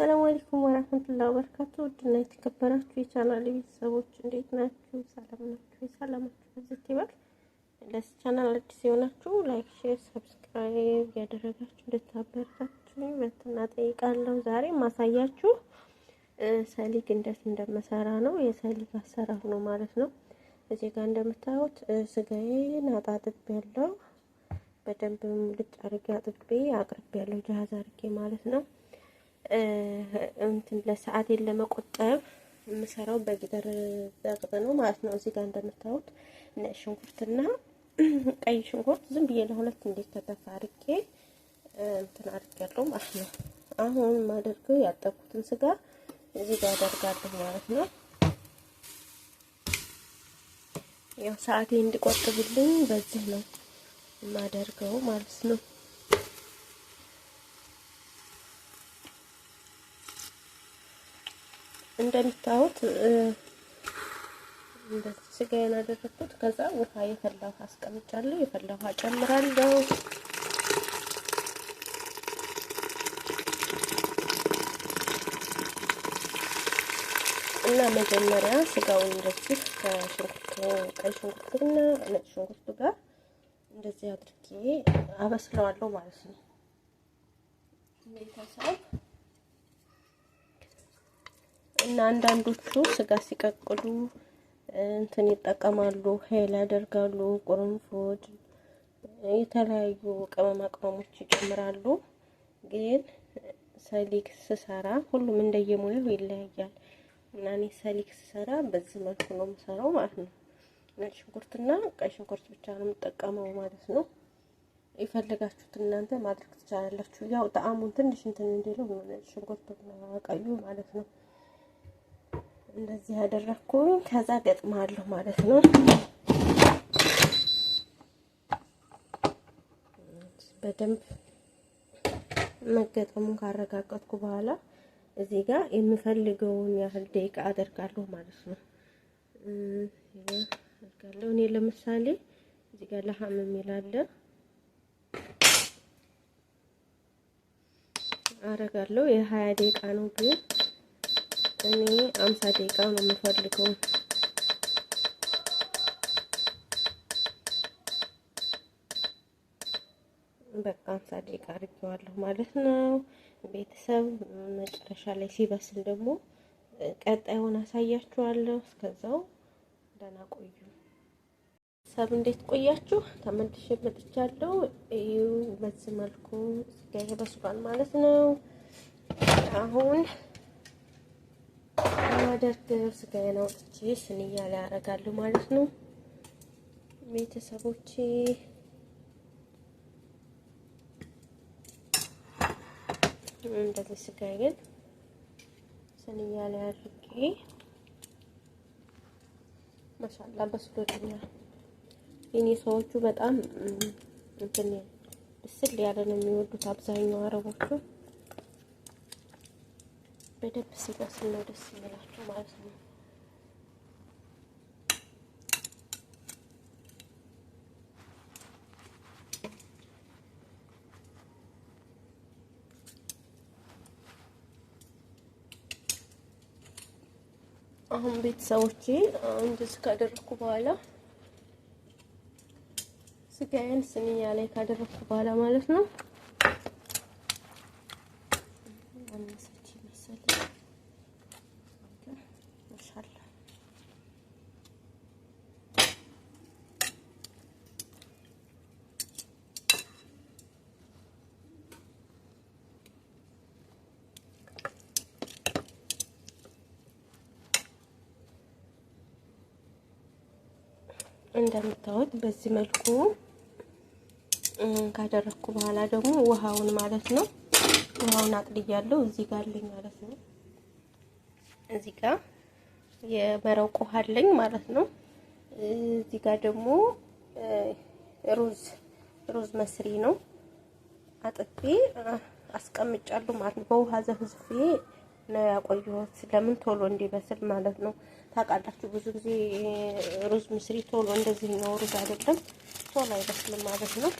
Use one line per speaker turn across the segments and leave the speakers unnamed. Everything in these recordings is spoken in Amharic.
ሰላም አለይኩም ወራህመቱላሂ ወበረካቱ። ውድና የተከበራችሁ የቻናል ቤተሰቦች እንዴት ናችሁ? ሰላም ናችሁ? ሰላማችሁ ብዝት ይበል። ለዚህ ቻናል አዲስ የሆናችሁ ላይክ፣ ሼር፣ ሰብስክራይብ ያደረጋችሁ እንድታበረታችሁ መትና ጠይቃለሁ። ዛሬ ማሳያችሁ ሰሊግ እንዴት እንደምሰራ ነው። የሰሊግ አሰራር ነው ማለት ነው። እዚህ ጋር እንደምታዩት ስጋዬን አጣጥቤ ያለው በደንብ ልጭ አድርጌ አጥቤ አቅርቤ ያለው ጃሃዝ አድርጌ ማለት ነው። እንትን ለሰዓቴን ለመቆጠብ የምሰራው በግጥር በቅጥ ነው ማለት ነው። እዚህ ጋር እንደምታዩት ነጭ ሽንኩርትና ቀይ ሽንኩርት ዝም ብዬ ለሁለት እንዴት ተከፋ አድርጌ እንትን አድርጌያለሁ ማለት ነው። አሁን ማደርገው ያጠብኩትን ስጋ እዚህ ጋር አደርጋለሁ ማለት ነው። ያው ሰዓቴ እንዲቆጥብልኝ በዚህ ነው የማደርገው ማለት ነው። እንደሚታዩት እንደዚህ ስጋዬን አደረኩት። ከዛ ውሃ የፈላ ውሃ አስቀምጫለሁ። የፈላ ውሃ ጨምራለሁ። እና መጀመሪያ ስጋውን እንደዚህ ከሽንኩርቱ ቀይ ሽንኩርቱና ነጭ ሽንኩርቱ ጋር እንደዚህ አድርጌ አበስለዋለሁ ማለት ነው ቤተሰብ እና አንዳንዶቹ ስጋ ሲቀቅሉ እንትን ይጠቀማሉ፣ ሄል ያደርጋሉ፣ ቁርንፉድ፣ የተለያዩ ቅመማ ቅመሞች ይጨምራሉ። ግን ሰሊክ ስሰራ ሁሉም እንደየሙያው ይለያያል እና እኔ ሰሊክ ስሰራ በዚህ መልኩ ነው የምሰራው ማለት ነው። ነጭ ሽንኩርትና ቀይ ሽንኩርት ብቻ ነው የምጠቀመው ማለት ነው። የፈለጋችሁት እናንተ ማድረግ ትችላላችሁ። ያው ጣዕሙን ትንሽ እንትን እንዲለው ነጭ ሽንኩርት ቀዩ ማለት ነው። እንደዚህ ያደረኩኝ ከዛ ገጥማለሁ ማለት ነው። በደንብ መገጠሙን ካረጋገጥኩ በኋላ እዚህ ጋር የምፈልገውን ያህል ደቂቃ አደርጋለሁ ማለት ነው። አደርጋለሁ እኔ ለምሳሌ እዚህ ጋር ለሀም የሚላለ አረጋለሁ የሀያ ደቂቃ ነው ግን እኔ አምሳ ደቂቃ ነው የምፈልገው። በቃ አምሳ ደቂቃ አድርጌዋለሁ ማለት ነው ቤተሰብ። መጨረሻ ላይ ሲበስል ደግሞ ቀጣዩን አሳያችኋለሁ። እስከዛው ደህና ቆዩ። ሰብ እንዴት ቆያችሁ? ተመልሼ መጥቻለሁ። ይኸው በዚህ መልኩ ስጋዬ በስሏል ማለት ነው አሁን ሳደርገው ስጋዬን አውጥቼ ስንያ ላይ አደርጋለሁ ማለት ነው ቤተሰቦቼ። እንደዚህ ስጋዬን ስንያ ላይ አድርጌ ማሻአላ በስሎኛል። የኔ ሰዎቹ በጣም እንትን ብስል ያለ ነው የሚወዱት አብዛኛው አረቦቹ በደንብ ሲበስል ነው ደስ የሚላቸው ማለት ነው። አሁን ቤተሰቦቼ እንደዚህ ካደረኩ በኋላ ስጋዬን ስንያ ላይ ካደረኩ በኋላ ማለት ነው እንደምታዩት በዚህ መልኩ ካደረግኩ በኋላ ደግሞ ውሃውን ማለት ነው ውሃውን አጥልያለሁ። እዚህ ጋር አለኝ ማለት ነው። እዚህ ጋር የመረቅ ውሃ አለኝ ማለት ነው። እዚህ ጋር ደግሞ ሩዝ ሩዝ መስሪ ነው አጥቤ አስቀምጫለሁ ማለት ነው። በውሃ ዘፍዝፌ ነው ያቆየሁት። ለምን ቶሎ እንዲበስል ማለት ነው። ታውቃላችሁ ብዙ ጊዜ ሩዝ ምስሪ ቶሎ እንደዚህ ነው ሩዝ አይደለም ቶሎ አይበስልም ማለት ነው።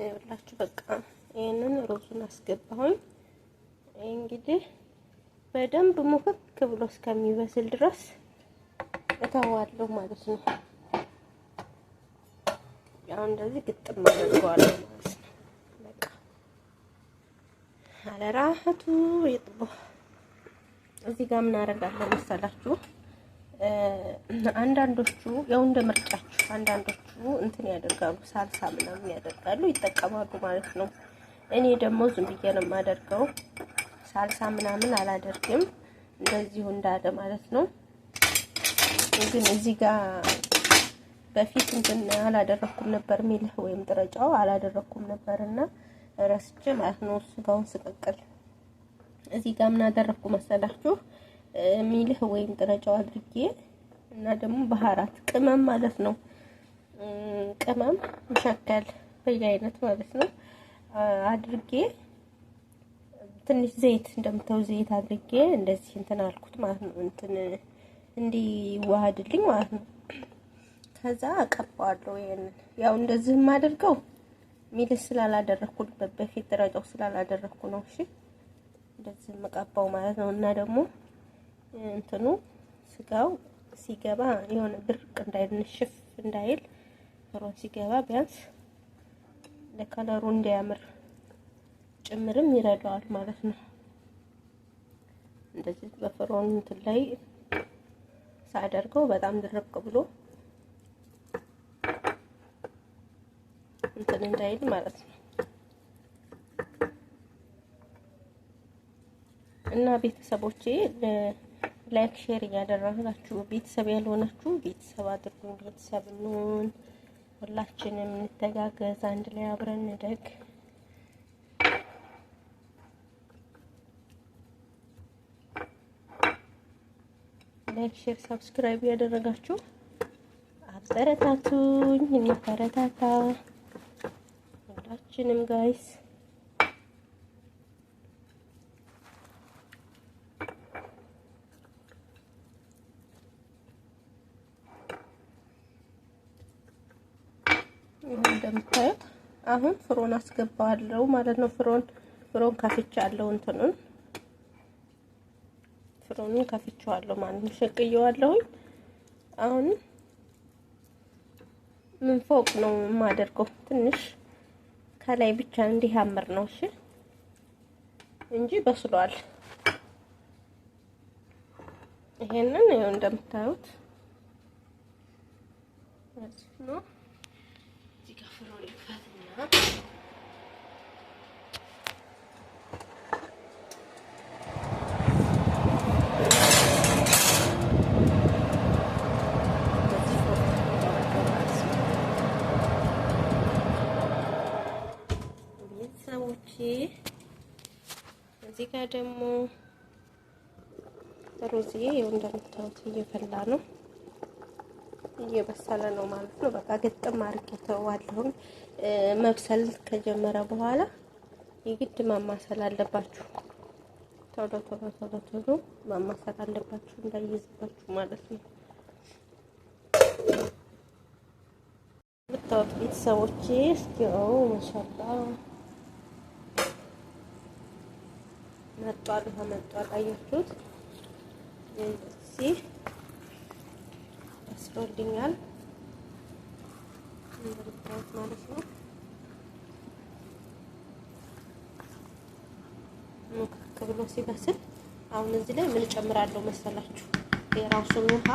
ይኸውላችሁ በቃ ይህንን ሩዙን አስገባሁኝ። እንግዲህ በደንብ ሙክክ ብሎ እስከሚበስል ድረስ እተዋለሁ ማለት ነው። ያው እንደዚህ ግጥም አድርገዋለሁ ማለት ነው። በቃ አለራህቱ ይጥቦ እዚህ ጋር ምን አደርጋለሁ መሰላችሁ? አንዳንዶቹ ያው እንደ ምርጫችሁ፣ አንዳንዶቹ እንትን ያደርጋሉ፣ ሳልሳ ምናምን ያደርጋሉ፣ ይጠቀማሉ ማለት ነው። እኔ ደግሞ ዝም ብዬ ነው የማደርገው፣ ሳልሳ ምናምን አላደርግም። እንደዚሁ እንዳለ ማለት ነው። ግን እዚህ ጋር በፊት እንትን አላደረኩም ነበር ሚልህ ወይም ጥረጫው አላደረኩም ነበር እና ረስቼ ማለት ነው። ስጋውን ስቀቅል እዚህ ጋር ምን አደረኩ መሰላችሁ? ሚልህ ወይም ጥረጫው አድርጌ እና ደግሞ ባህራት ቅመም ማለት ነው። ቅመም መሸከል በየአይነት ማለት ነው አድርጌ ትንሽ ዘይት እንደምታው ዘይት አድርጌ እንደዚህ እንትን አልኩት ማለት ነው እንትን እንዲዋሃድልኝ ማለት ነው። ከዛ አቀባዋለሁ። ይሄንን ያው እንደዚህ የማደርገው ሚል ስላላደረኩበት በፊት ደረጃው ስላላደረኩ ነው። እሺ እንደዚህ መቀባው ማለት ነው። እና ደግሞ እንትኑ ስጋው ሲገባ የሆነ ድርቅ እንዳይል ንሽፍ እንዳይል ሮ ሲገባ ቢያንስ ለከለሩ እንዲያምር ጭምርም ይረዳዋል ማለት ነው። እንደዚህ በፍሮንት ላይ ሳደርገው በጣም ድርቅ ብሎ እንትን እንዳይል ማለት ነው። እና ቤተሰቦቼ ላይክ ሼር እያደረጋችሁ ቤተሰብ ያልሆናችሁ ቤተሰብ አድርጉን። ቤተሰብ እንሆን፣ ሁላችንም እንተጋገዝ፣ አንድ ላይ አብረን እንደግ። ላይክ፣ ሼር፣ ሰብስክራይብ ያደረጋችሁ አበረታቱኝ። እንበረታታ ሁላችንም ጋይስ እንደምታዩት አሁን ፍሮን አስገባለሁ ማለት ነው። ፍሮን ፍሮን ካፍቻ እንትኑን ፍሮኑን ከፍቼዋለሁ ማለት ነው። ሸቅየዋለሁኝ። አሁን ምን ፎቅ ነው የማደርገው? ትንሽ ከላይ ብቻ እንዲህ ነው እሺ፣ እንጂ በስሏል። ይሄንን ይኸው እንደምታዩት ነው። እዚህ ጋር ፍሩን ልክፈትና እዚህ ጋር ደግሞ ሩዝዬ ይኸው እንደምታዩት እየፈላ ነው፣ እየበሰለ ነው ማለት ነው። በቃ ግጥም አድርጌ ተዋለሁኝ። መብሰል ከጀመረ በኋላ የግድ ማማሰል አለባችሁ። ቶሎ ቶሎ ቶሎ ቶሎ ማማሰል አለባችሁ እንዳይዝባችሁ ማለት ነው። ብታወጥ ቤተሰቦቼ እስኪ ማሻላ መጧል፣ ውሃ መጧል። አያችሁት? እንደዚህ አስሮልኛል እንደምታዩት ማለት ነው። ሙክክ ብሎ ሲበስል አሁን እዚህ ላይ ምን ጨምራለሁ መሰላችሁ? የራሱን ውሃ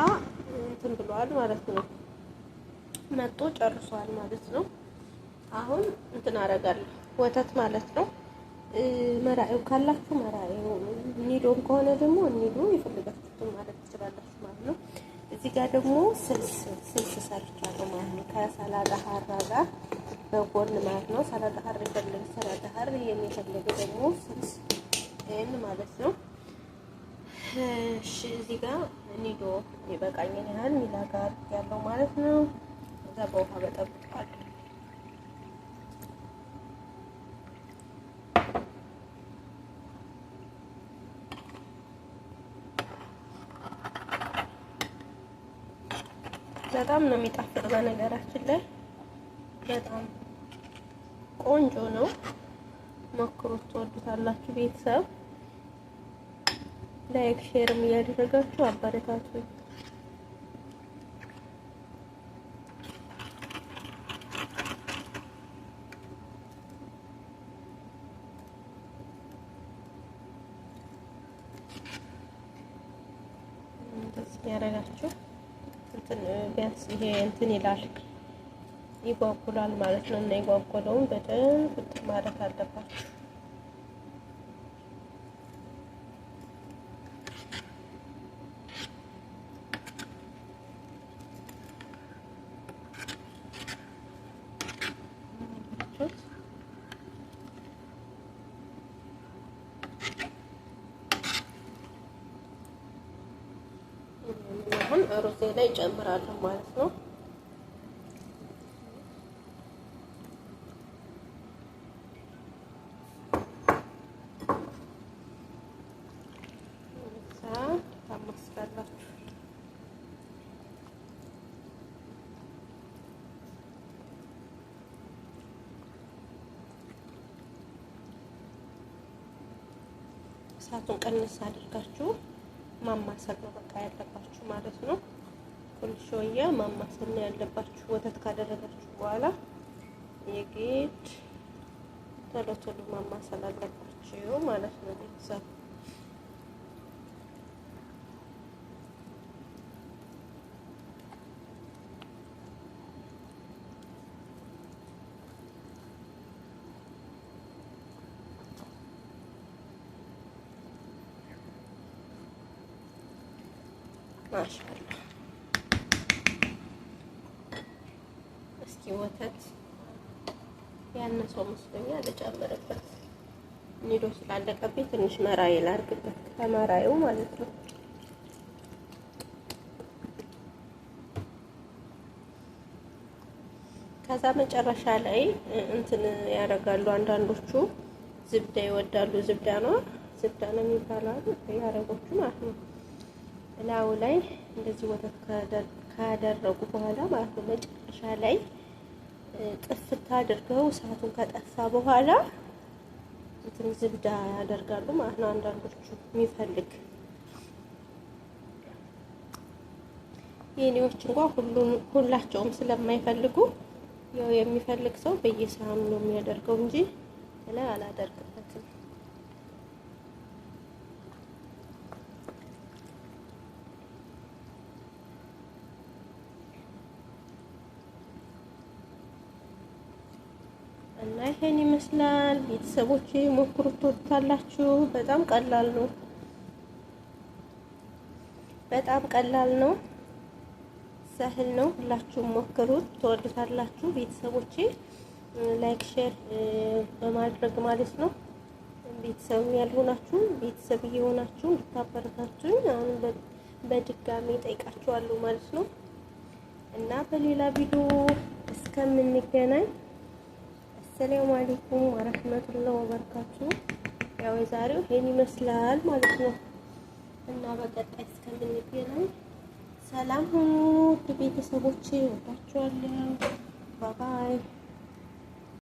እንትን ብሏል ማለት ነው። መጦ ጨርሷል ማለት ነው። አሁን እንትን አደርጋለሁ ወተት ማለት ነው። መራኤው ካላችሁ መራኤው፣ ኒዶም ከሆነ ደግሞ ኒዶ የፈለጋችሁትን ማድረግ ትችላላችሁ ማለት ነው። እዚህ ጋር ደግሞ ስልስ ስልስ ሰርቻለሁ ማለት ነው ከሰላጣ ሀራ ጋር በጎን ማለት ነው። ሰላጣ ሀር የፈለገ ሰላጣ ሀር የሚፈለገ ደግሞ ስልስ ይህን ማለት ነው። እሺ እዚህ ጋር ኒዶ የበቃኝን ያህል ሚላ ጋር ያለው ማለት ነው። እዛ በውሃ በጠብ በጣም ነው የሚጣፍጥ። በነገራችን ላይ በጣም ቆንጆ ነው። ሞክሩት፣ ትወዱታላችሁ። ቤተሰብ ላይክ ሼርም እያደረጋችሁ አበረታቱኝ። እንደዚህ ያደረጋችሁ ቢያንስ ይሄ እንትን ይላል ይጓጉላል ማለት ነው። እና የጓጉለውን በደንብ ማረት አለባቸው። ሩዜ ላይ ጨምራለሁ ማለት ነው። እሳቱን ቀንስ አድርጋችሁ ማማሰል ነው በቃ ያለባችሁ ማለት ነው። ኩልሾያ ማማሰል ነው ያለባችሁ። ወተት ካደረጋችሁ በኋላ የግድ ቶሎ ቶሎ ማማሰል አለባችሁ ማለት ነው ቤተሰብ ማሻላ እስኪ ወተት ያነሰው መስሎኛል ልጨምርበት። ኒዶ ስላለቀብኝ ትንሽ መራይ ላድርግበት ከመራዬው ማለት ነው። ከዛ መጨረሻ ላይ እንትን ያደርጋሉ አንዳንዶቹ ዝብዳ ይወዳሉ። ዝብዳ ነው ዝብዳ ነው የሚባለው ያረቦቹ ማለት ነው። እላዩ ላይ እንደዚህ ወተት ካደረጉ በኋላ ማለት ነው መጨረሻ ላይ ጥፍታ አድርገው እሳቱን ከጠፋ በኋላ እንትን ዝብዳ ያደርጋሉ ማለት ነው። አንዳንዶቹ የሚፈልግ የኔዎች እንኳን ሁላቸውም ስለማይፈልጉ ያው የሚፈልግ ሰው በየሳህኑ ነው የሚያደርገው እንጂ ላይ አላደርግም። እና ይሄን ይመስላል። ቤተሰቦች ሞክሩት፣ ትወዱታላችሁ። በጣም ቀላል ነው። በጣም ቀላል ነው። ሰህል ነው። ሁላችሁም ሞክሩት፣ ትወዱታላችሁ። ቤተሰቦቼ ላይክ፣ ሼር በማድረግ ማለት ነው። ቤተሰብ ያልሆናችሁ ቤተሰብ እየሆናችሁ እንድታበረታችሁኝ አሁን በድጋሚ ጠይቃችኋለሁ ማለት ነው እና በሌላ ቪዲዮ እስከምንገናኝ አሰላሙ አለይኩም ወረህመቱላህ ወበረካቱ። ያው የዛሬው ይሄን ይመስላል ማለት ነው እና በቀጣይ እስከምንገናኝ ሰላም ሁኑ ቤተሰቦቼ፣ ወዳችኋለሁ። ባባይ